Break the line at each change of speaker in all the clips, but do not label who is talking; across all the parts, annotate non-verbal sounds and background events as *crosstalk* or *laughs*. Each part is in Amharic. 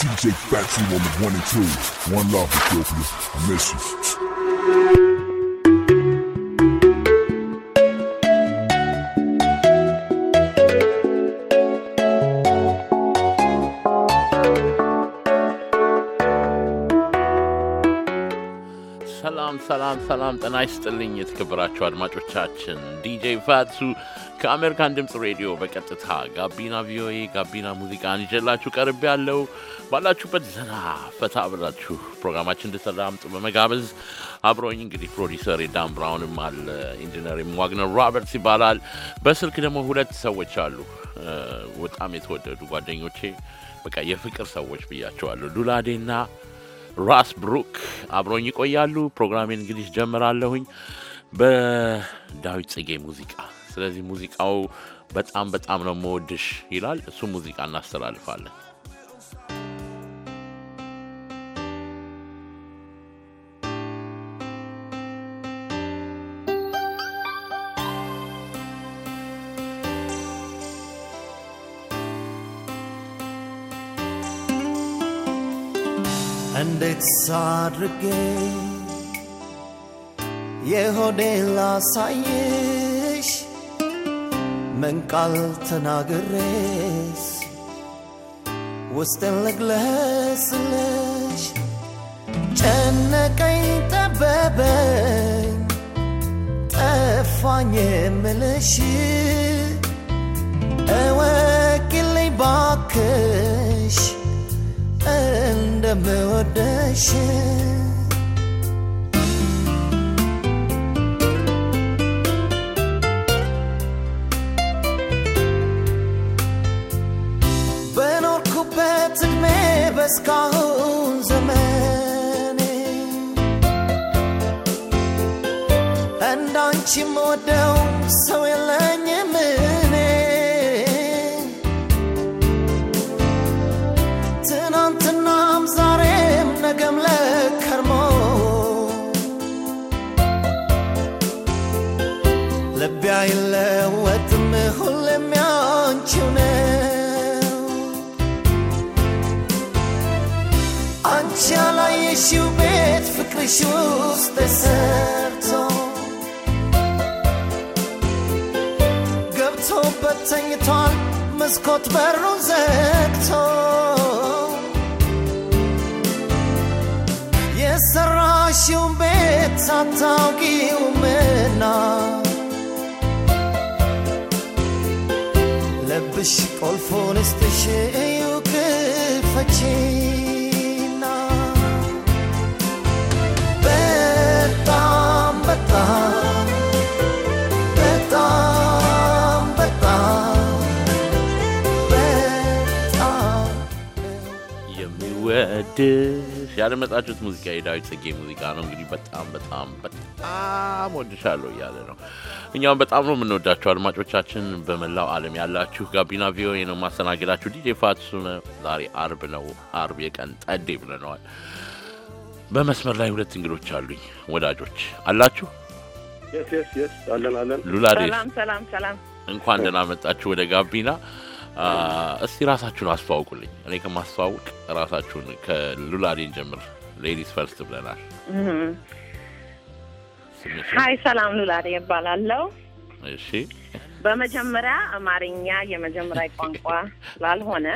DJ Factory on the one and two. One love, Ethiopia. I miss you. ሰላም
ሰላም ሰላም፣ ጤና ይስጥልኝ የተከበራችሁ አድማጮቻችን ዲጄ ፋቱ ከአሜሪካን ድምፅ ሬዲዮ በቀጥታ ጋቢና ቪኦኤ ጋቢና ሙዚቃን ይዤላችሁ ቀርብ ያለው ባላችሁበት ዘና ፈታ ብላችሁ ፕሮግራማችን እንድታዳምጡ በመጋበዝ አብሮኝ እንግዲህ ፕሮዲሰር ዳን ብራውንም አለ፣ ኢንጂነር ዋግነር ሮበርትስ ይባላል። በስልክ ደግሞ ሁለት ሰዎች አሉ፣ በጣም የተወደዱ ጓደኞቼ፣ በቃ የፍቅር ሰዎች ብያቸዋለሁ። ዱላዴና ራስ ብሩክ አብሮኝ ይቆያሉ። ፕሮግራሜን እንግዲህ ጀምራለሁኝ በዳዊት ጽጌ ሙዚቃ ስለዚህ ሙዚቃው በጣም በጣም ነው መወድሽ ይላል። እሱ ሙዚቃ እናስተላልፋለን።
እንዴት ሳድርጌ የሆዴ ምን ቃል ተናግሬስ ውስጥን ልግለጽልሽ? ጨነቀኝ ጠበበኝ ጠፋኝ የምልሽ እወቂልኝ ባክሽ እንደምወደሽ እስካሁን ዘመኔ እንዳንቺ የምወደው ሰው የለኝም እኔ ትናንትናም ዛሬም ነገም ለከርሞ ልቤ አይለወጥም ሁሌ szóste serco ገብቶበት ተኝቷል መስኮት በሩን ዘግቶ የሰራሽውን ቤት ሳታውቂውምና ልብሽ ቆልፎ ልስጥሽ እዩ ክፈቺ
የሚወድህ ያደመጣችሁት ሙዚቃ የዳዊት ጽጌ ሙዚቃ ነው። እንግዲህ በጣም በጣም በጣም ወድሻለሁ እያለ ነው። እኛም በጣም ነው የምንወዳቸው አድማጮቻችን በመላው ዓለም ያላችሁ። ጋቢና ቪኦኤ ነው ማስተናገዳችሁ። ዲጄ ፋትሱ ዛሬ አርብ ነው። አርብ የቀን ጠዴ ብለነዋል። በመስመር ላይ ሁለት እንግዶች አሉኝ። ወዳጆች አላችሁ? ሉላ እንኳን ደህና መጣችሁ ወደ ጋቢና እስቲ ራሳችሁን አስተዋውቁልኝ። እኔ ከማስተዋውቅ ራሳችሁን ከሉላዴን ጀምር። ሌዲስ ፈርስት ብለናል። ሀይ
ሰላም፣ ሉላዴ እባላለሁ። እሺ በመጀመሪያ አማርኛ የመጀመሪያ ቋንቋ ስላልሆነ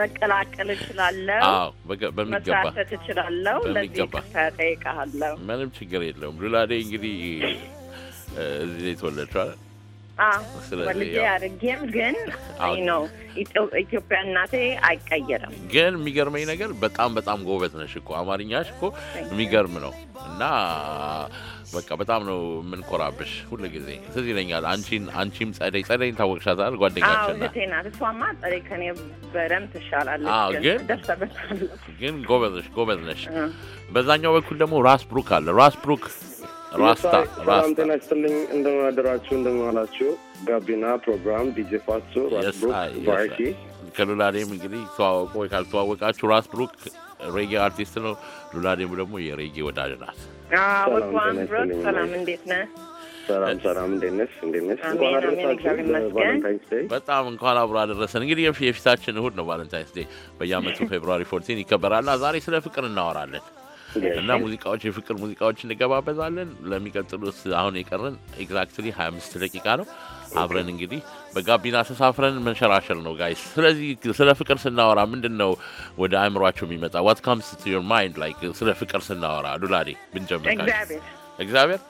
መቀላቀል እችላለሁ፣ መሳተት እችላለሁ። ለዚህ ይቅርታ እጠይቃለሁ።
ምንም ችግር የለውም። ሉላዴ እንግዲህ እዚህ የተወለደችው
ወልጄ አድርጌም ግን ነው ኢትዮጵያ እናቴ አይቀየርም።
ግን የሚገርመኝ ነገር በጣም በጣም ጎበዝ ነሽ እኮ አማርኛሽ እኮ የሚገርም ነው እና በቃ በጣም ነው የምንኮራብሽ። ሁሉ ጊዜ ትዝ ይለኛል። አንቺን አንቺም ጸደይ ጸደይን ታወቅሻታል። ጓደኛችን
ናት። እሷማ ጸደይ ከኔ
ትሻላለች፣ ግን
ግን ጎበዝ ነሽ ጎበዝ ነሽ። በዛኛው በኩል ደግሞ ራስ ብሩክ አለ ራስ ብሩክ ራስታ ራስታ
ጤና ይስጥልኝ። እንደምናደራችሁ እንደምንዋላችሁ። ጋቢና ፕሮግራም ዲጄ ፋሶ ራስብሩክ ቫይቲ
ከሉላዴም እንግዲህ ተዋወቁ ወይ ካልተዋወቃችሁ፣ ራስ ብሩክ ሬጌ አርቲስት ነው። ሉላዴም ደግሞ የሬጌ ወዳጅ ናት።
ሰላም እንዴት ነህ?
በጣም እንኳን አብሮ አደረሰን። እንግዲህ የፊታችን እሁድ ነው ቫለንታይንስ ዴይ፣ በየአመቱ *laughs* ፌብሩዋሪ ፎርቲን ይከበራልና ዛሬ ስለ ፍቅር እናወራለን። እና ሙዚቃዎች የፍቅር ሙዚቃዎች እንገባበዛለን። ለሚቀጥሉት አሁን የቀረን ኤግዛክትሊ 25 ደቂቃ ነው። አብረን እንግዲህ በጋቢና ተሳፍረን መንሸራሸር ነው ጋይስ። ስለዚህ ስለ ፍቅር ስናወራ ምንድን ነው ወደ አእምሯቸው የሚመጣ? ዋት ካምስ ቱ ዮር ማይንድ ላይክ ስለ ፍቅር ስናወራ ዱላዴ ብንጀምር። እግዚአብሔር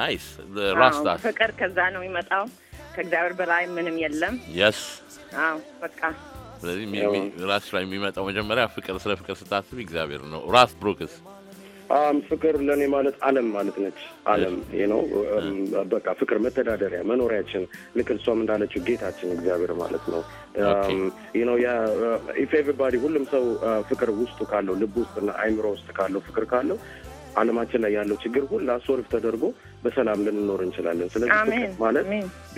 ናይስ ራስታስ
ፍቅር ከዛ ነው የሚመጣው። ከእግዚአብሔር በላይ ምንም የለም። የስ በቃ
ስለዚህ ላይ የሚመጣው መጀመሪያ ፍቅር፣ ስለ ፍቅር ስታስብ እግዚአብሔር ነው። ራስ ብሩክስ
ፍቅር ለእኔ ማለት ዓለም ማለት ነች። ዓለም ነው በቃ ፍቅር መተዳደሪያ፣ መኖሪያችን ልክ እሷም እንዳለችው ጌታችን እግዚአብሔር ማለት ነው። ነው ኢፍ ኤቨሪባዲ ሁሉም ሰው ፍቅር ውስጡ ካለው ልብ ውስጥና አይምሮ ውስጥ ካለው ፍቅር ካለው ዓለማችን ላይ ያለው ችግር ሁላ ሶልፍ ተደርጎ በሰላም ልንኖር እንችላለን። ስለዚህ ፍቅር ማለት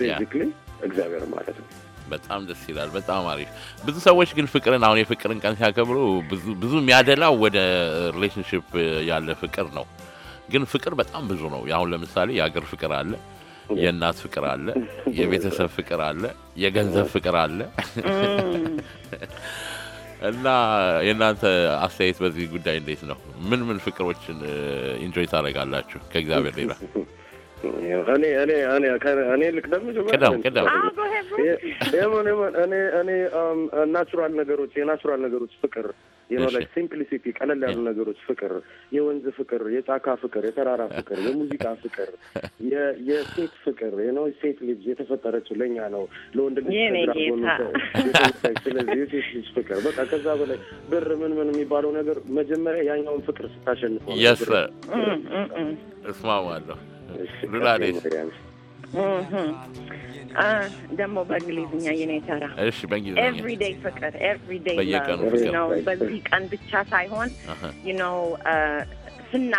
ቤዚክሊ እግዚአብሔር ማለት ነው።
በጣም ደስ ይላል። በጣም አሪፍ። ብዙ ሰዎች ግን ፍቅርን አሁን የፍቅርን ቀን ሲያከብሩ ብዙ የሚያደላው ወደ ሪሌሽንሽፕ ያለ ፍቅር ነው። ግን ፍቅር በጣም ብዙ ነው። አሁን ለምሳሌ የሀገር ፍቅር አለ፣ የእናት ፍቅር አለ፣ የቤተሰብ ፍቅር አለ፣ የገንዘብ ፍቅር አለ *laughs* እና የእናንተ አስተያየት በዚህ ጉዳይ እንዴት ነው? ምን ምን ፍቅሮችን ኢንጆይ uh, ታደርጋላችሁ ከእግዚአብሔር ሌላ? *laughs*
እኔ እኔ እኔ እኔ ልቅደም ቅደም ቅደም የምን የምን እኔ እኔ ናቹራል ነገሮች የናቹራል ነገሮች ፍቅር የኖላጅ ሲምፕሊሲቲ ቀለል ያሉ ነገሮች ፍቅር፣ የወንዝ ፍቅር፣ የጫካ ፍቅር፣ የተራራ ፍቅር፣ የሙዚቃ ፍቅር፣ *laughs* የሴት ፍቅር ነው። ሴት ልጅ የተፈጠረችው ለእኛ ነው፣ ለወንድ ልጅ ስለዚህ የሴት ልጅ ፍቅር በቃ ከዛ በላይ ብር ምን ምን የሚባለው ነገር መጀመሪያ ያኛውን ፍቅር ስታሸንፈው ነው።
እስማማለሁ። ሉላዴት
ደግሞ በእንግሊዝኛ የኔ ተራ።
እሺ፣ በእንግሊዝኛ ኤቭሪዴይ
ፍቅር ኤቭሪዴይ ነው። በዚህ ቀን ብቻ ሳይሆን ዩ ኖው Real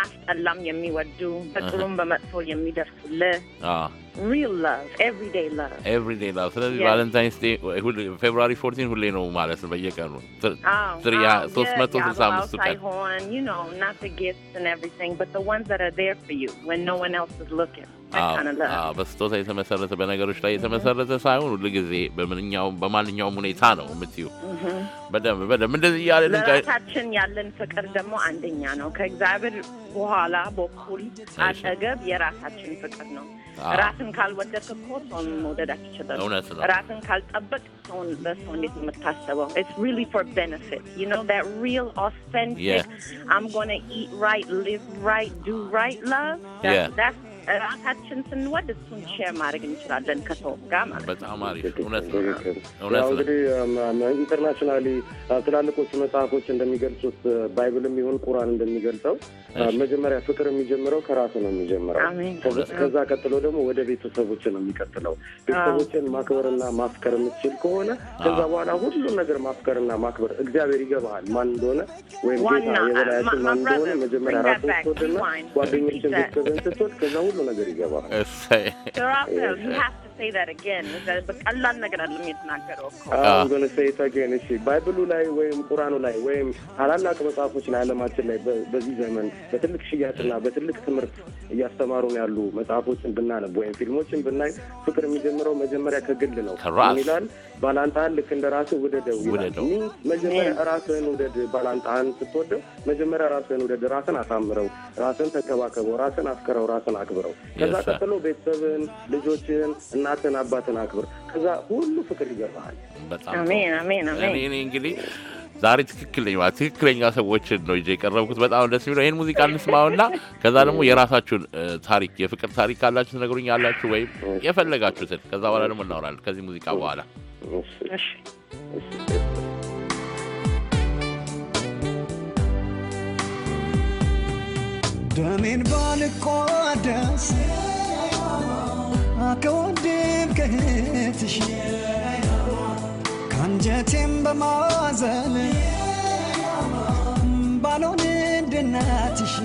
love, everyday love.
Everyday love. So that's Valentine's Day, February 14th, we'll learn more about it. Oh, yeah, outside
horn, you know, not the gifts and everything, but the ones that are there for you when no one else is looking.
በስጦታ የተመሰረተ በነገሮች ላይ የተመሰረተ ሳይሆን ሁል ጊዜ በማንኛውም ሁኔታ ነው የምትዩ። በደንብ በደንብ እንደዚህ እያለ ለራሳችን
ያለን ፍቅር ደግሞ አንደኛ ነው። ከእግዚአብሔር በኋላ በኩል አጠገብ የራሳችን ፍቅር ነው። ራስን ካልወደድክ እኮ ሰውን መውደድ አትችልም። እውነት ነው። ራስን ካልጠበቅ ሰውን በሰው እንዴት የምታስበው? ኢትስ ሪሊ ፎር ቤኔፊት ዩ ኖ ዛት ሪል ኦተንቲክ አም ጎና ኢት ራይት ሊቭ ራይት ዱ ራይት ላቭ ራሳችን ስንወድ እሱን ሼር ማድረግ እንችላለን
ከሰው ጋር ማለት በጣም አሪፍ እውነት ነው። እንግዲህ ኢንተርናሽናሊ ትላልቆቹ መጽሐፎች እንደሚገልጹት ባይብልም ይሁን ቁራን እንደሚገልጸው መጀመሪያ ፍቅር የሚጀምረው ከራሱ ነው የሚጀምረው። ከዛ ቀጥሎ ደግሞ ወደ ቤተሰቦች ነው የሚቀጥለው። ቤተሰቦችን ማክበርና ማፍከር የምትችል ከሆነ ከዛ በኋላ ሁሉም ነገር ማፍከርና ማክበር እግዚአብሔር ይገባሃል ማን እንደሆነ ወይም ጌታ የበላያችን ማን እንደሆነ መጀመሪያ ራሱ ስትወድና ጓደኞችን ቤተሰብን ስትወድ ከዛ We're going you have
ቀላል ነገር አለ የተናገረው
እሺ፣ ባይብሉ ላይ ወይም ቁራኑ ላይ ወይም ታላላቅ መጽሐፎች ላይ አለማችን ላይ በዚህ ዘመን በትልቅ ሽያጭና በትልቅ ትምህርት እያስተማሩን ያሉ መጽሐፎችን ብናነብ ወይም ፊልሞችን ብናይ ፍቅር የሚጀምረው መጀመሪያ ከግል ነው ይላል። ባላንጣህን ልክ እንደ ራስህ ውደደው ይላል። መጀመሪያ ራስህን ውደድ። ባላንጣህን ስትወደው መጀመሪያ ራስህን ውደድ። ራስን አሳምረው፣ ራስን ተንከባከበው፣ ራስን አፍቅረው፣ ራስን አክብረው። ከዛ ቀጥሎ ቤተሰብህን፣ ልጆችህን እናትን አባትን አክብር። ከዛ ሁሉ ፍቅር ይገባሃል።
እኔ እንግዲህ ዛሬ ትክክለኛ ትክክለኛ ሰዎችን ነው ይዤ የቀረብኩት። በጣም ደስ የሚለው ይህን ሙዚቃ እንስማውና ከዛ ደግሞ የራሳችሁን ታሪክ የፍቅር ታሪክ ካላችሁ ትነግሩኝ ያላችሁ ወይም የፈለጋችሁትን ከዛ በኋላ ደግሞ እናወራለን ከዚህ ሙዚቃ በኋላ
ደሜን ደስ ከወንድም ከህትሽ ከአንጀቴም በማዘን ባልሆን እንደናትሽ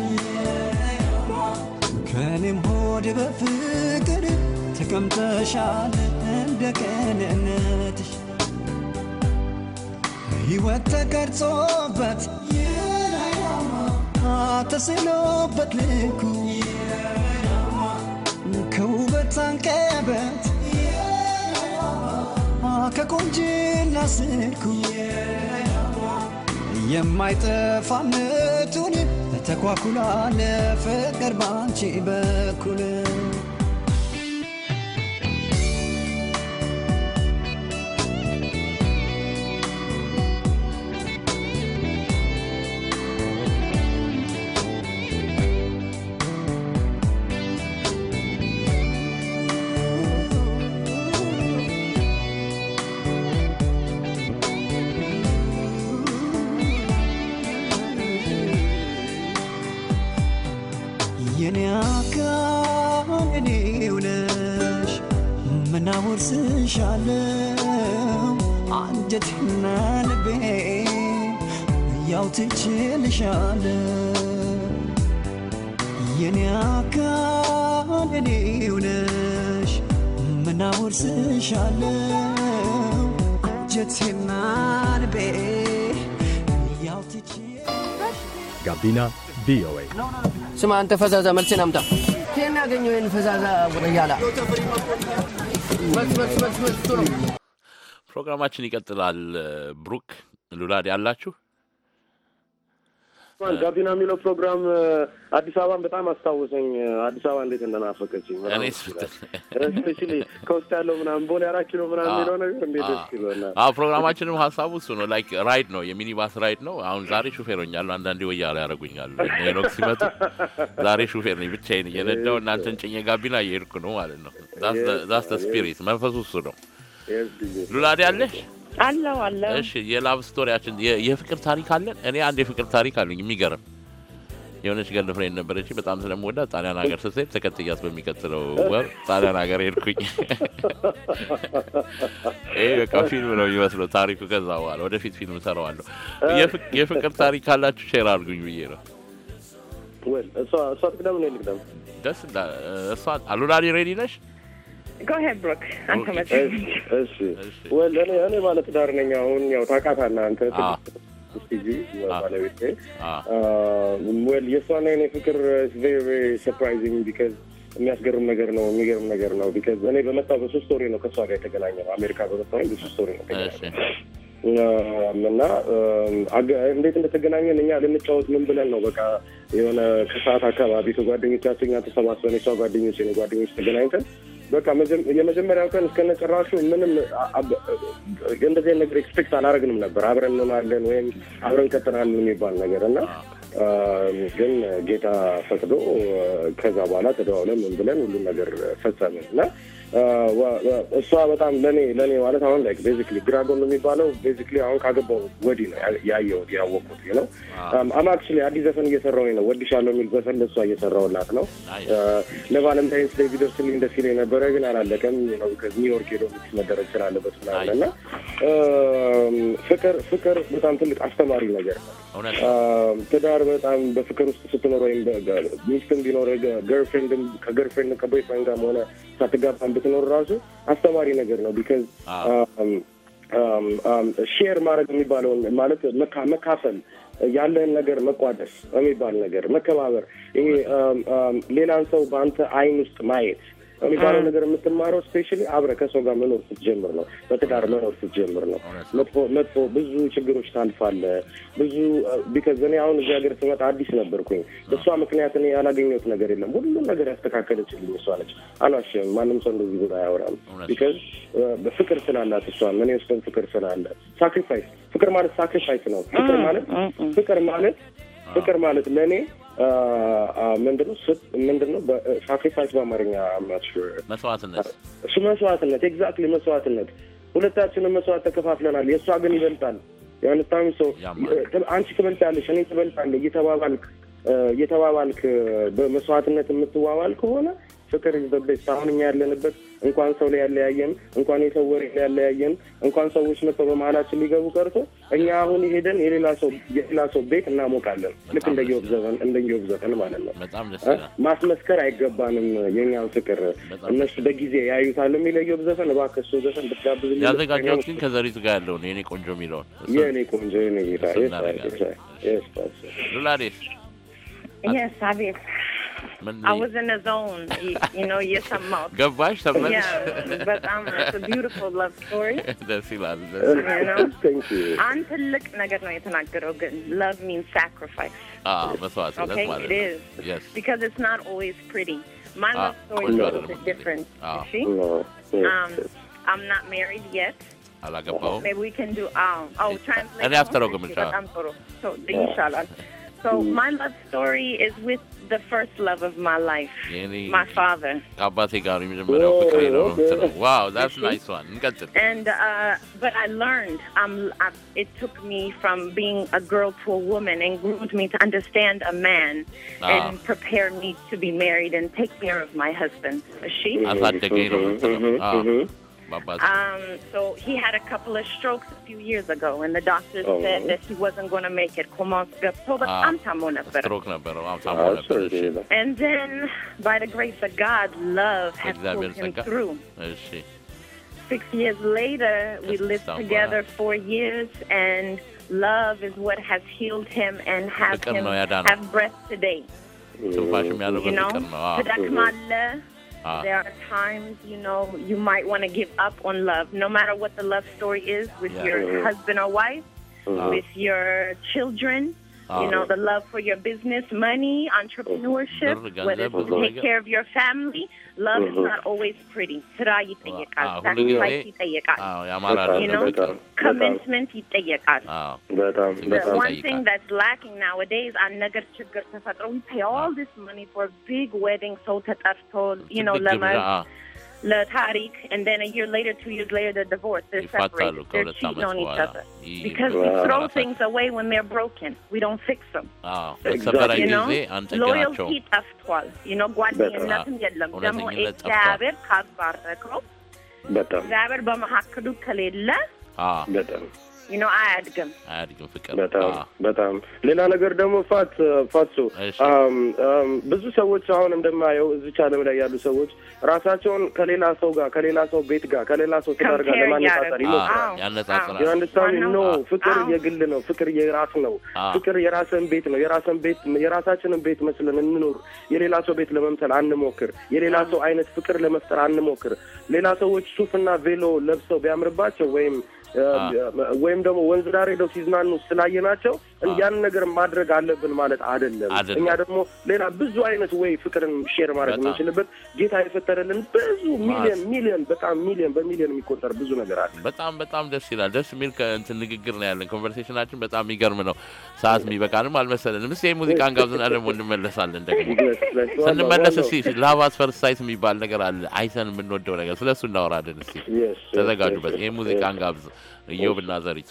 ከኔም ሆድ በፍቅር ተቀምጠሻል እንደ ቀንነትሽ ህይወት ተቀርጾበት ተስኖበት ልኩ ሳንቀበት ከቆንጅና ስልኩ የማይጠፋነቱን ተኳኩላ ለፍቅር ባንቺ በኩል ያው የኔ አካል ምናወርስሻለው
ጋቢና ቪኦኤ
ስማ
አንተ ፈዛዛ መልሴን አምጣ ይህን ያገኘው ይህን ፈዛዛ
ጉረያላ
ፕሮግራማችን ይቀጥላል ብሩክ ሉላድ ያላችሁ
ጋቢና የሚለው ፕሮግራም አዲስ አበባን በጣም አስታወሰኝ። አዲስ አበባ እንዴት እንደናፈቀችኝ ስፔሻሊ ከውስጥ ያለው ምናምን ቦሌ አራት ኪሎ ምናምን የሚለው ነገር እንዴት ደስ ይለናል።
ፕሮግራማችንም ሀሳቡ እሱ ነው። ላይክ ራይድ ነው፣ የሚኒባስ ራይድ ነው። አሁን ዛሬ ሹፌር ሆኛለሁ። አንዳንዴ ወያላ ያደርጉኛል። ሄኖክ ሲመጡ ዛሬ ሹፌር ነኝ፣ ብቻዬን እየነዳው እናንተን ጭኜ ጋቢና እየሄድኩ ነው ማለት ነው። ዛስ ስፒሪት መንፈሱ እሱ ነው። ሉላዴ አለሽ
አለው አለው። እሺ
የላቭ ስቶሪያችን የፍቅር ታሪክ አለን። እኔ አንድ የፍቅር ታሪክ አለኝ የሚገርም የሆነች ገርል ፍሬንድ ነበረች። በጣም ስለምወዳት ጣሊያን ሀገር ስትሄድ ተከትያት በሚቀጥለው ወር ጣሊያን ሀገር ሄድኩኝ።
ይህ በቃ ፊልም
ነው የሚመስለው ታሪኩ። ከዛ በኋላ ወደፊት ፊልም ሰራዋለሁ። የፍቅር ታሪክ ካላችሁ ሼር አድርጉኝ ብዬ ነው።
እሷ ትቅደም ነው ይልቅደም
ደስ እሷ አሉላሊ ሬዲ ነሽ
እሺ ወል እኔ እኔ ባለትዳር ነኝ። አሁን ያው ታውቃታለህ አንተ ስቲጂ ወል የእሷና ፍቅር ቬሪ ሰርፕራይዚንግ ቢካዝ የሚያስገርም ነገር ነው። የሚገርም ነገር ነው። ቢካዝ እኔ በመጣሁ በሶስት ወሬ ነው ከእሷ ጋር የተገናኘ ነው። አሜሪካ በመጣሁ በሶስት ወሬ ነው የተገናኘ እና እንዴት እንደተገናኘን እኛ ልንጫወት ምን ብለን ነው በቃ የሆነ ከሰዓት አካባቢ ከጓደኞቻችን ተሰባስበን የሷ ጓደኞች ጓደኞች ተገናኝተን በቃ የመጀመሪያው ቀን እስከነ ጭራሹ ምንም እንደዚህ ነገር ኤክስፔክት አላደረግንም ነበር። አብረን እንሆናለን ወይም አብረን ቀጥናለን የሚባል ነገር እና ግን ጌታ ፈቅዶ ከዛ በኋላ ተደዋውለን ምን ብለን ሁሉን ነገር ፈጸምን እና እሷ በጣም ለእኔ ለእኔ ማለት አሁን ላይ ቤዚክሊ ግራጎን የሚባለው ቤዚክሊ አሁን ካገባው ወዲህ ነው ያየሁት ያወቅሁት ነው። አማክሽ አዲስ ዘፈን እየሰራሁኝ ነው ወድሻለሁ የሚል ዘፈን ለእሷ እየሰራሁላት ነው። ለቫለንታይንስ ዴይ ቢደርስልኝ እንደ ሲል የነበረ ግን አላለቀም። ኒውዮርክ ሄዶ ሚክስ መደረግ ስላለበት ምናምን እና ፍቅር ፍቅር በጣም ትልቅ አስተማሪ ነገር ነው። ትዳር በጣም በፍቅር ውስጥ ስትኖር ወይም ሚስትም ቢኖር ገርልፍሬንድ ከገርልፍሬንድ ከቦይፍሬንድ ጋር ሆነ ሳትጋባን ብትኖር ራሱ አስተማሪ ነገር ነው ቢካዝ ሼር ማድረግ የሚባለውን ማለት መካፈል ያለህን ነገር መቋደስ የሚባል ነገር መከባበር፣ ይሄ ሌላን ሰው በአንተ አይን ውስጥ ማየት የሚባለው ነገር የምትማረው ስፔሻሊ አብረ ከሰው ጋር መኖር ስትጀምር ነው። በትዳር መኖር ስትጀምር ነው። መጥፎ መጥፎ ብዙ ችግሮች ታልፋለ። ብዙ ቢከዝ እኔ አሁን እዚህ ሀገር ስመጣ አዲስ ነበርኩኝ። እሷ ምክንያት እኔ ያላገኘሁት ነገር የለም። ሁሉም ነገር ያስተካከለችልኝ እሷ ነች። አልዋሽም። ማንም ሰው እንደዚህ ብሎ አያወራም። ቢከዝ ፍቅር ስላላት እሷ እኔ ውስጥም ፍቅር ስላለ ሳክሪፋይስ ፍቅር ማለት ሳክሪፋይስ ነው። ፍቅር ማለት ፍቅር ማለት ፍቅር ማለት ለእኔ ምንድነው ምንድነው ሳክሪፋይስ በአማርኛ መስዋዕትነት እሱ መስዋዕትነት ኤግዛክትሊ መስዋዕትነት ሁለታችንን መስዋዕት ተከፋፍለናል የእሷ ግን ይበልጣል የአንስታሚ ሰው አንቺ ትበልጣለሽ እኔ ትበልጣለህ እየተባባልክ እየተባባልክ በመስዋዕትነት የምትዋባል ከሆነ ፍቅር ይዘበች አሁን እኛ ያለንበት እንኳን ሰው ላይ ያለያየን እንኳን የሰው ወሬ ላይ ያለያየን እንኳን ሰዎች መጥተው በመሀላችን ሊገቡ ቀርቶ እኛ አሁን ይሄደን የሌላ ሰው ቤት እናሞቃለን። ልክ እንደየወብ ዘፈን እንደየወብ ዘፈን ማለት ነው። ማስመስከር አይገባንም። የኛው ፍቅር እነሱ በጊዜ ያዩታል። የሚለየወብ ዘፈን እባክህ እሱን ዘፈን ብትጋብዝ ያዘጋጃዎች ግን
ከዘሪቱ ጋር ያለውን የኔ ቆንጆ የሚለውን የኔ ቆንጆ የኔ ጌታ ሉላዴ I was
in a zone, you, you know, you're something else.
قباش something Yeah, but um, it's a
beautiful love story. ደስ ይላል። አንተ ልቅ ነገር ነው love means sacrifice.
Ah, መስዋዕት okay? it is. Yes.
Because it's not always pretty. My ah, love story is a little bit different.
Ah. See? No. Um,
I'm not married yet.
አላገባውም። Maybe
we can do um, oh, translation. እኔ አፍተረጉም I'm ጥሩ። So, inshallah. So my love story is with the first love of my life, my father.
Oh, okay. Wow, that's a nice one.
And uh, but I learned. Um, I, it took me from being a girl to a woman and groomed me to understand a man ah. and prepare me to be married and take care of my husband. She. Mm-hmm, mm-hmm, ah. mm-hmm.
Um,
so he had a couple of strokes a few years ago, and the doctors oh. said that he was not going to make it. I'm And then, by the grace of God, love has pulled him through. Eh, Six years later, we lived together four years, and love is what has healed him and has him have breath today.
You know,
uh, there
are times, you know, you might want to give up on love, no matter what the love story is with yeah. your mm-hmm. husband or wife, uh, with your children you know, the love for your business, money, entrepreneurship, whether it's to take care of your family. Love is not always pretty. ትራ ይጠየቃል፣ ሳክሪፋይስ ይጠየቃል፣
you know, commitment
ይጠየቃል.
The one thing
that's lacking nowadays, አንድ ነገር ችግር we pay all ah. this money for big weddings, ሰው you know, ለመ the Tariq, and then a year later, two years later, they're divorced. They're separated. They're cheating on each other. Because we throw things away when they're broken. We don't fix them. Ah,
exactly. you know? ሎያልቲ
ጠፍቷል። you know, lam. ጓደኝነትም የለም። ደግሞ እግዚአብሔር ካባረከው እግዚአብሔር በመካከሉ ከሌለ ነው አያድግም፣
አያድግም
ፍቅር። በጣም ah. በጣም ሌላ ነገር ደግሞ ፋት ፋሱ ብዙ ሰዎች አሁን እንደማየው እዚች ዓለም ላይ ያሉ ሰዎች ራሳቸውን ከሌላ ሰው ጋር ከሌላ ሰው ቤት ጋር ከሌላ ሰው ትዳር ጋር ለማነጻጸር ይሞክራል።
ኖ ah, ፍቅር ah.
የግል ነው። ፍቅር የራስ ነው። ፍቅር የራስን ቤት ነው። የራስን ቤት የራሳችንን ቤት መስለን እንኖር። የሌላ ሰው ቤት ለመምሰል አንሞክር። የሌላ ሰው አይነት ፍቅር ለመፍጠር አንሞክር። ሌላ ሰዎች ሱፍና ቬሎ ለብሰው ቢያምርባቸው ወይም ወይም ደግሞ ወንዝ ዳር ሄደው ሲዝናኑ ስላየናቸው ያን ነገር ማድረግ አለብን ማለት አይደለም። እኛ ደግሞ ሌላ ብዙ አይነት ወይ ፍቅርን ሼር ማድረግ የምንችልበት ጌታ የፈጠረልን ብዙ ሚሊዮን ሚሊዮን በጣም ሚሊዮን በሚሊዮን የሚቆጠር ብዙ ነገር አለ።
በጣም በጣም ደስ ይላል። ደስ የሚል እንትን ንግግር ነው ያለን። ኮንቨርሴሽናችን በጣም የሚገርም ነው። ሰዓት የሚበቃንም አልመሰለንም። እስኪ ሙዚቃን ጋብዘና ደግሞ እንመለሳለን። ደግሞ *laughs* ስንመለስ እስኪ ላቭ አት የሚባል ነገር አለ፣ አይተን የምንወደው ነገር፣ ስለ እሱ እናወራለን። እስኪ ተዘጋጁበት። ይህ ሙዚቃን ጋብዝ፣ እዮብና ዘሪቱ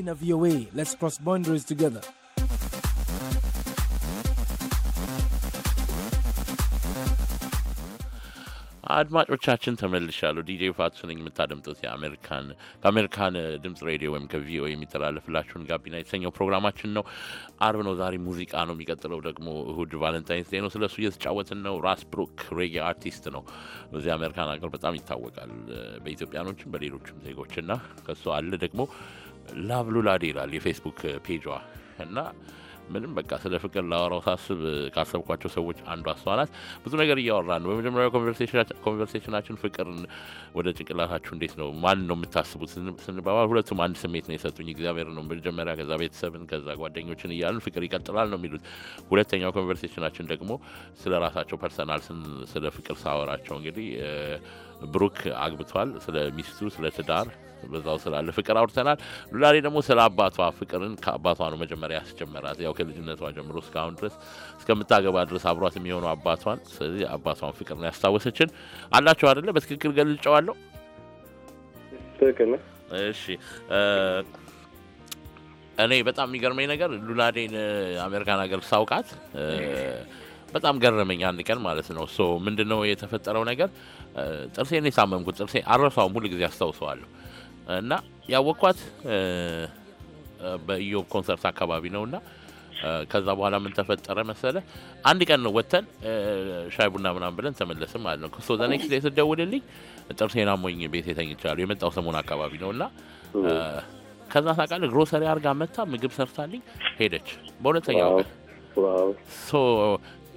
Swahili na VOA. Let's cross boundaries together.
አድማጮቻችን ተመልሻሉ። ዲጄ ፋትሱን የምታደምጡት የአሜሪካን ከአሜሪካን ድምፅ ሬዲዮ ወይም ከቪኦኤ የሚተላለፍላችሁን ጋቢና የተሰኘው ፕሮግራማችን ነው። አርብ ነው ዛሬ፣ ሙዚቃ ነው። የሚቀጥለው ደግሞ እሁድ ቫለንታይንስ ዴይ ነው። ስለሱ እየተጫወትን ነው። ራስ ብሩክ ሬጌ አርቲስት ነው። በዚህ አሜሪካን ሀገር በጣም ይታወቃል፣ በኢትዮጵያኖችም በሌሎችም ዜጎችና ከሱ አለ ደግሞ ላብሉላዴ ይላል የፌስቡክ ፔጇ እና ምንም በቃ ስለ ፍቅር ላወራው ሳስብ ካሰብኳቸው ሰዎች አንዷ እሷ ናት። ብዙ ነገር እያወራን ነው። በመጀመሪያው ኮንቨርሴሽናችን ፍቅርን ወደ ጭንቅላታችሁ እንዴት ነው ማን ነው የምታስቡት ስንባባል ሁለቱም አንድ ስሜት ነው የሰጡኝ። እግዚአብሔር ነው መጀመሪያ፣ ከዛ ቤተሰብን፣ ከዛ ጓደኞችን እያልን ፍቅር ይቀጥላል ነው የሚሉት። ሁለተኛው ኮንቨርሴሽናችን ደግሞ ስለ ራሳቸው ፐርሰናል ስለ ፍቅር ሳወራቸው እንግዲህ ብሩክ አግብቷል፣ ስለ ሚስቱ፣ ስለ ትዳር በዛው ስላለ ፍቅር አውርተናል። ሉላሌ ደግሞ ስለ አባቷ ፍቅርን ከአባቷ ነው መጀመሪያ ያስጀመራት። ያው ከልጅነቷ ጀምሮ እስካሁን ድረስ እስከምታገባ ድረስ አብሯት የሚሆኑ አባቷን። ስለዚህ አባቷን ፍቅር ነው ያስታወሰችን። አላቸው አይደለ? በትክክል ገልጫዋለሁ። እሺ እኔ በጣም የሚገርመኝ ነገር ሉላዴን አሜሪካን ሀገር ሳውቃት በጣም ገረመኝ። አንድ ቀን ማለት ነው ምንድነው የተፈጠረው ነገር ጥርሴን የሳመምኩት ጥርሴ አረሳውም፣ ሁል ጊዜ አስታውሰዋለሁ። እና ያወቅኳት በኢዮብ ኮንሰርት አካባቢ ነው እና ከዛ በኋላ ምን ተፈጠረ መሰለ፣ አንድ ቀን ነው ወጥተን ሻይ ቡና ምናምን ብለን ተመለስም ማለት ነው። ሶ ዘኔክስ ላይ ስደውልልኝ ጥርሴና ሞኝ ቤት የተኝቻለሁ። የመጣው ሰሞን አካባቢ ነው እና ከዛ ታውቃለህ፣ ግሮሰሪ አርጋ መታ ምግብ ሰርታልኝ ሄደች። በሁለተኛው ቀን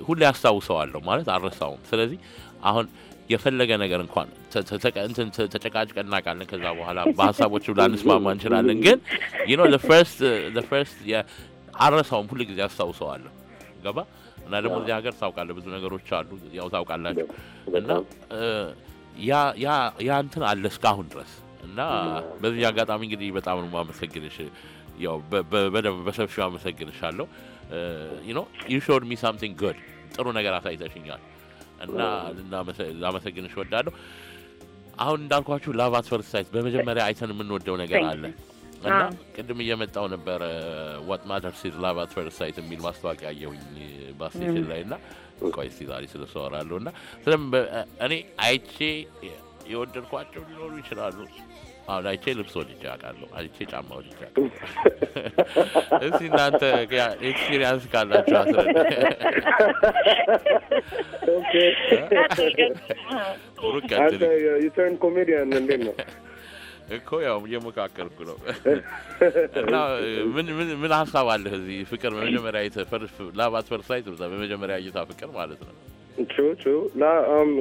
ሁሌ አስታውሰዋለሁ ማለት አልረሳውም። ስለዚህ አሁን የፈለገ ነገር እንኳን ተጨቃጭቀ እናውቃለን። ከዛ በኋላ በሀሳቦች ላንስማማ እንችላለን። ግን ዩ አረሳውም፣ ሁል ጊዜ አስታውሰዋለሁ። ገባ እና ደግሞ እዚህ ሀገር ታውቃለህ፣ ብዙ ነገሮች አሉ፣ ያው ታውቃላችሁ። እና ያ እንትን አለ እስካሁን ድረስ እና በዚህ አጋጣሚ እንግዲህ በጣም ነው የማመሰግንሽ፣ ያው በደንብ በሰፊው አመሰግንሻለሁ። ዩ ሾድ ሚ ሳምቲንግ ጉድ ጥሩ ነገር አሳይተሽኛል። እና ላመሰግንሽ ወዳለሁ። አሁን እንዳልኳችሁ ላቭ አት ፈርስት ሳይት በመጀመሪያ አይተን የምንወደው ነገር አለ እና ቅድም እየመጣው ነበር ዋት ማተርስ ኢዝ ላቭ አት ፈርስት ሳይት የሚል ማስታወቂያ አየሁኝ ባስቴሽን uh, ላይ እና ቆይ እስኪ ዛሬ ስለሰወራለሁ እና ስለም እኔ አይቼ የወደድኳቸው ሊኖሩ ይችላሉ አሁን አይቼ ልብስ ወድጄ አውቃለሁ። አይቼ ጫማ ወድጄ አውቃለሁ። እስኪ እናንተ ኤክስፒሪያንስ ካላችሁ አስረዳ።
ሩቅ ዩተርን ኮሜዲያን እንዴት ነው?
እኮ ያው እየሞካከልኩ ነው።
*laughs* እና
ምን ሀሳብ አለህ እዚህ ፍቅር በመጀመሪያ ላቭ አት ፈርስት ሳይት በመጀመሪያ እይታ ፍቅር ማለት ነው።
ቹ ቹ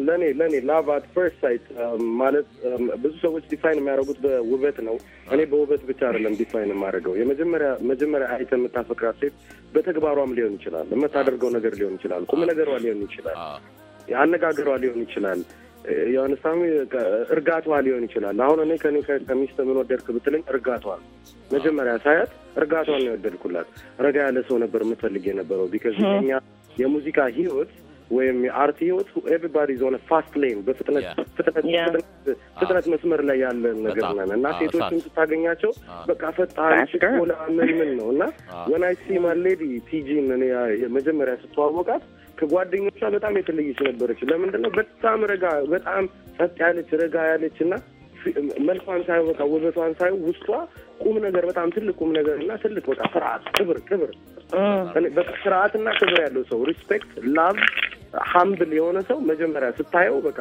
ለእኔ ለእኔ ላቭ አት ፈርስት ሳይት ማለት ብዙ ሰዎች ዲፋይን የሚያደርጉት በውበት ነው። እኔ በውበት ብቻ አይደለም ዲፋይን የማደርገው። የመጀመሪያ መጀመሪያ አይተ የምታፈቅራት ሴት በተግባሯም ሊሆን ይችላል፣ የምታደርገው ነገር ሊሆን ይችላል፣ ቁም ነገሯ ሊሆን ይችላል፣ አነጋገሯ ሊሆን ይችላል ዮሐንስ ሳሚ እርጋቷ ሊሆን ይችላል። አሁን እኔ ከኔ ከሚስት ምን ወደድክ ብትለኝ እርጋቷ መጀመሪያ ሳያት እርጋቷ ነው የወደድኩላት። ረጋ ያለ ሰው ነበር የምፈልግ የነበረው። ቢካዝ የኛ የሙዚቃ ህይወት ወይም የአርት ህይወት ኤቨሪባዲ ዞነ ፋስት ሌን በፍጥነት መስመር ላይ ያለ ነገር ነን እና ሴቶችን ስታገኛቸው በቃ ፈጣሪ ምን ምን ነው እና ወናይ ሲ ማይ ሌዲ ቲጂን መጀመሪያ ስተዋወቃት ከጓደኞቿ በጣም የተለየች ነበረች። ለምንድነው? በጣም ረጋ፣ በጣም ጸጥ ያለች ረጋ ያለች እና መልኳን ሳይሆን በቃ ውበቷን ሳይሆን ውስጧ ቁም ነገር በጣም ትልቅ ቁም ነገር እና ትልቅ በቃ ስርዓት፣ ክብር ክብር ስርዓትና ክብር ያለው ሰው ሪስፔክት፣ ላቭ፣ ሀምብል የሆነ ሰው መጀመሪያ ስታየው በቃ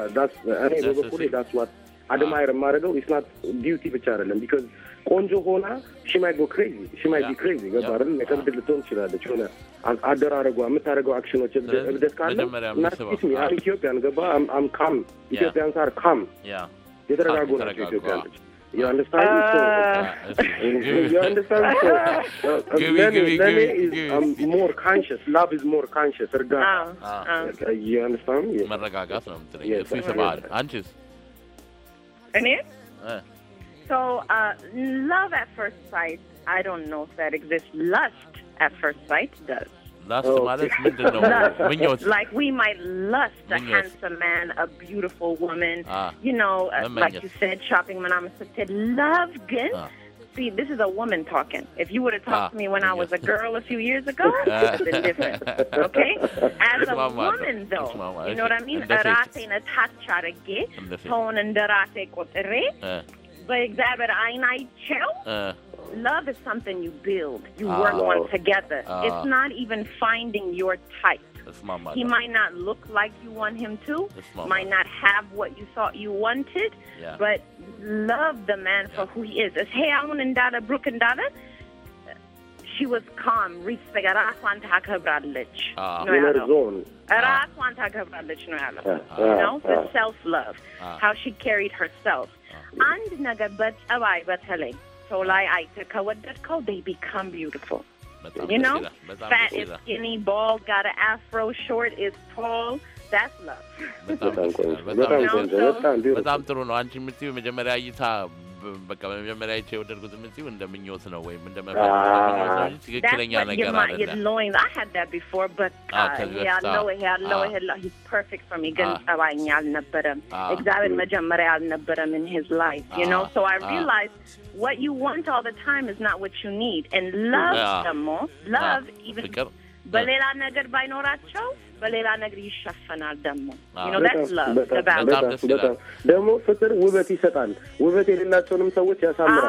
እኔ በበኩሌ ዋት አድማየር የማደርገው ኢስናት ቢዩቲ ብቻ አይደለም ቢኮዝ ቆንጆ ሆና ሽማይ ጎ ክሬዚ ሽማይ ቢ ክሬዚ ገባር እብድ ልትሆን ትችላለች። ሆነ አደራረጓ የምታደርገው አክሽኖች እብደት ካለ ኢትዮጵያን ገባ አም ካም ኢትዮጵያን ሳር ካም የተረጋጉ ናቸው ኢትዮጵያ *laughs* uh, um,
መረጋጋት ነው። Any? Uh.
So, uh, love at first sight, I don't know if that exists. Lust at first sight does.
Lust, oh, okay.
lust. like we might lust a handsome man, a beautiful woman. Ah, you know, uh, like you said, shopping man, I said, love good. Ah see, this is a woman talking. If you would have talked to ah, me when yeah. I was a girl a few years ago, *laughs* it would have been different.
Okay? *laughs* As a woman, though, you know what I mean? ራሴ
ነታች አድርጌ ሰውን እንደ ራሴ ቆጥሬ በእግዚአብሔር Love is something you build. You ah. work on together. Ah. It's not even finding your type. He might not look like you want him to, might not have what you thought you wanted, yeah. but love the man for who he is. As hey, amun indala, Brooke indala, she was calm. ሪስፔክ ራሷን ታከብራለች ነው ያለው። ራሷን ታከብራለች ነው ያለው። ነው self love how she carried herself አንድ ነገር በጸባይ በተለይ ሰው ላይ አይተህ ከወደድከው they become beautiful
you know fat is skinny
bald got an afro short is tall
በጣም
ጥሩ ነው። አንቺ የምትይው መጀመሪያ እይታ በቃ በመጀመሪያ አይቼ የወደድኩት የምትይው እንደ ምኞት ነው ወይም እንደ መ ትክክለኛ ነገር
ያለው ይሄ ያለው ይሄ ፐርፌክት ፎር ሚ ግን ጸባኛ አልነበረም። እግዚአብሔር መጀመሪያ አልነበረም in his life you know so I realized what you want all the time is not what you need and love ደግሞ love even በሌላ ነገር ባይኖራቸው በሌላ ነገር ይሸፈናል። ደግሞ
ደግሞ ፍቅር ውበት ይሰጣል። ውበት የሌላቸውንም ሰዎች ያሳምራል።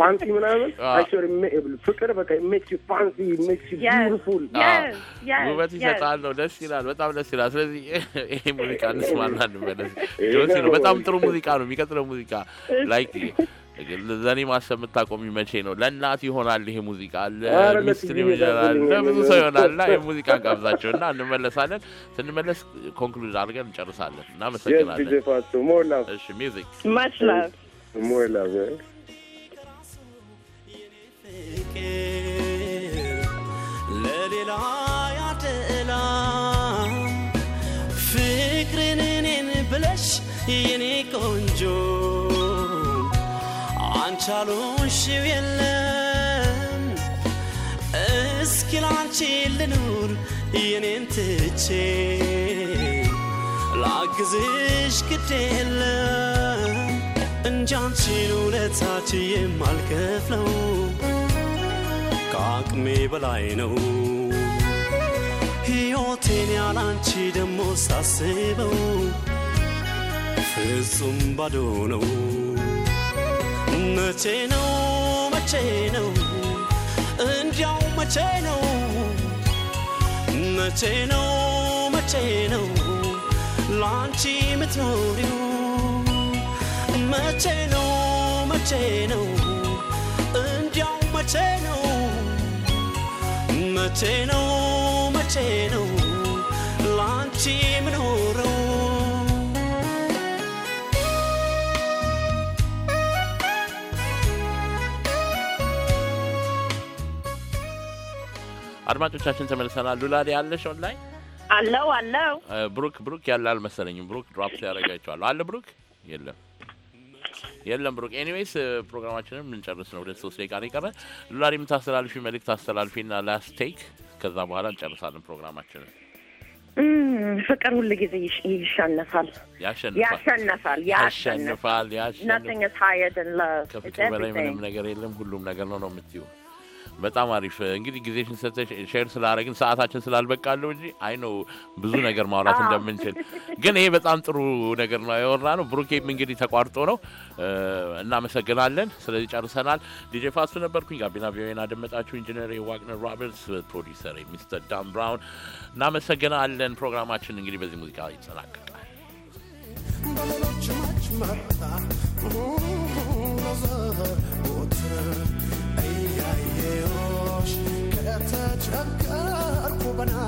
ፋንሲ ምናምን ፍቅር ፋንሲ ውበት ይሰጣል ነው።
ደስ ይላል። በጣም ደስ ይላል። ስለዚህ ይሄ ሙዚቃ እንስማና እንበለ ነው። በጣም ጥሩ ሙዚቃ ነው። የሚቀጥለው ሙዚቃ ላይክ *laughs* ለእኔ ማሰብ የምታቆሚ መቼ ነው? ለእናት ይሆናል ይሄ ሙዚቃ፣ ለሚስትር ይሆናል፣ ለብዙ ሰው ይሆናል። እና የሙዚቃ ጋብዛቸው እና እንመለሳለን። ስንመለስ ኮንክሉድ አድርገን እንጨርሳለን። እናመሰግናለን።
ሚዚክ
ለሌላ ያደላ ፍቅርን እኔን ብለሽ የኔ ሽው የለም። እስኪ ላንቺ ልኑር የኔን ትቼ ላግዝሽ ግድ የለም እንጂ አንቺን ውለታች የማልከፍለው ከአቅሜ በላይ ነው። ሕይወቴን ያላንቺ ደሞ ሳስበው ፍጹም ባዶ ነው። መቼ ነው መቼ ነው እንዲያው መቼ ነው መቼ ነው መቼ ነው ላንቺ የምትኖሪው መቼ ነው መቼ ነው እንዲያው መቼ ነው መቼ ነው
አድማጮቻችን ተመልሰናል። ሉላ አለሽ ኦንላይን
አለው አለው
ብሩክ ብሩክ ያለ አልመሰለኝም። ብሩክ ድሮፕ ያደርጋቸዋለሁ አለ ብሩክ የለም የለም ብሩክ። ኤኒዌይስ ፕሮግራማችንን ልንጨርስ ነው። ሁለት ሶስት ደቂቃ የቀረ ሉላ የምታስተላልፊ መልእክት ና ላስት ቴክ፣ ከዛ በኋላ እንጨርሳለን ፕሮግራማችንን።
ፍቅር ሁሉ ጊዜ ይሸነፋል፣
ያሸንፋል ያሸንፋል።
ከፍቅር በላይ ምንም
ነገር የለም። ሁሉም ነገር ነው ነው የምትይው በጣም አሪፍ እንግዲህ ጊዜሽን ሰተሽ ሼር ስላደረግን ሰዓታችን ስላልበቃለሁ እንጂ አይ ነው ብዙ ነገር ማውራት እንደምንችል ግን ይሄ በጣም ጥሩ ነገር ነው የወራ ነው። ብሩኬም እንግዲህ ተቋርጦ ነው። እናመሰግናለን። ስለዚህ ጨርሰናል። ዲጄ ፋሱ ነበርኩኝ። ጋቢና ቪኦኤን አደመጣችሁ። ኢንጂነር ዋግነር ሮበርትስ፣ ፕሮዲሰር ሚስተር ዳም ብራውን። እናመሰግናለን። ፕሮግራማችን እንግዲህ በዚህ ሙዚቃ ይጠናቀቃል።
ካየሁሽ ከተቸገርኩ በና